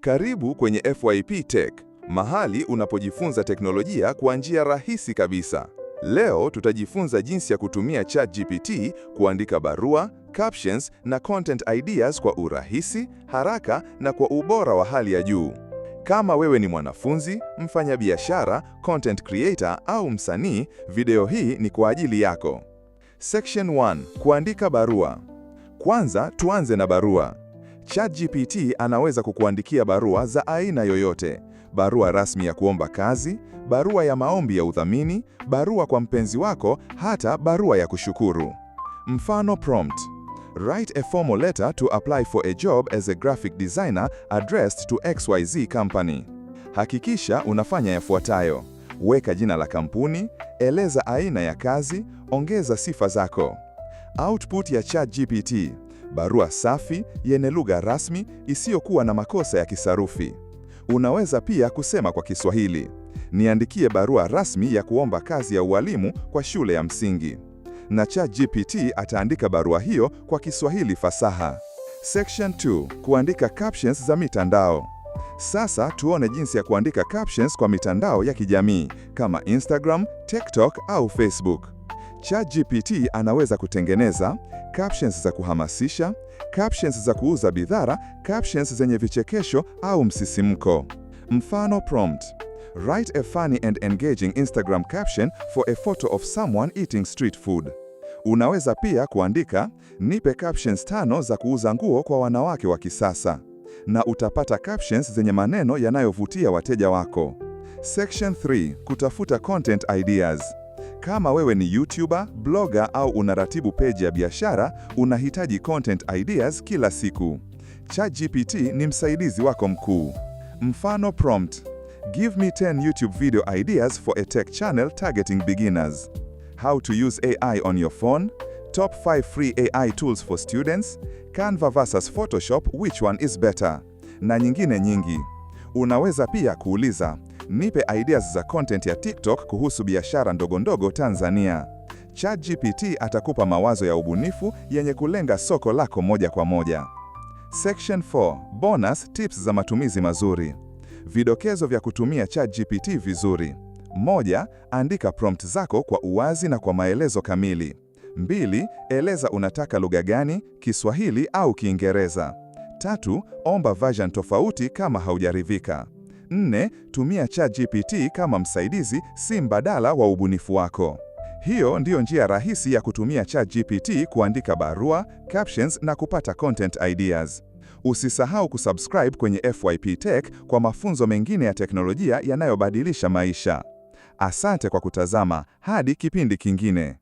Karibu kwenye FYP Tech, mahali unapojifunza teknolojia kwa njia rahisi kabisa. Leo tutajifunza jinsi ya kutumia ChatGPT kuandika barua, captions na content ideas kwa urahisi, haraka na kwa ubora wa hali ya juu. Kama wewe ni mwanafunzi, mfanyabiashara, content creator au msanii, video hii ni kwa ajili yako. Section 1: kuandika barua. Kwanza tuanze na barua. ChatGPT anaweza kukuandikia barua za aina yoyote: barua rasmi ya kuomba kazi, barua ya maombi ya udhamini, barua kwa mpenzi wako, hata barua ya kushukuru. Mfano prompt: Write a formal letter to apply for a job as a graphic designer addressed to XYZ company. Hakikisha unafanya yafuatayo: weka jina la kampuni, eleza aina ya kazi, ongeza sifa zako. Output ya ChatGPT barua safi yenye lugha rasmi isiyokuwa na makosa ya kisarufi. Unaweza pia kusema kwa Kiswahili, niandikie barua rasmi ya kuomba kazi ya ualimu kwa shule ya msingi, na ChatGPT ataandika barua hiyo kwa Kiswahili fasaha. Section 2: kuandika captions za mitandao. Sasa tuone jinsi ya kuandika captions kwa mitandao ya kijamii kama Instagram, TikTok au Facebook. ChatGPT anaweza kutengeneza captions za kuhamasisha, captions za kuuza bidhaa, captions zenye vichekesho au msisimko. Mfano prompt: Write a funny and engaging Instagram caption for a photo of someone eating street food. Unaweza pia kuandika nipe captions tano za kuuza nguo kwa wanawake wa kisasa, na utapata captions zenye maneno yanayovutia wateja wako. Section 3: kutafuta content ideas. Kama wewe ni YouTuber, blogger au unaratibu peji ya biashara, unahitaji content ideas kila siku. ChatGPT ni msaidizi wako mkuu. Mfano prompt: Give me 10 YouTube video ideas for a tech channel targeting beginners. How to use AI on your phone. Top 5 free AI tools for students. Canva versus Photoshop, which one is better? Na nyingine nyingi. Unaweza pia kuuliza nipe ideas za content ya TikTok kuhusu biashara ndogo ndogo Tanzania. ChatGPT atakupa mawazo ya ubunifu yenye kulenga soko lako moja kwa moja. Section 4, bonus tips za matumizi mazuri. Vidokezo vya kutumia ChatGPT vizuri. Moja, andika prompt zako kwa uwazi na kwa maelezo kamili. Mbili, eleza unataka lugha gani, Kiswahili au Kiingereza. Tatu, omba version tofauti kama haujaridhika. Nne, Tumia ChatGPT kama msaidizi, si mbadala wa ubunifu wako. Hiyo ndiyo njia rahisi ya kutumia ChatGPT kuandika barua, captions na kupata content ideas. Usisahau kusubscribe kwenye FYP Tech kwa mafunzo mengine ya teknolojia yanayobadilisha maisha. Asante kwa kutazama, hadi kipindi kingine.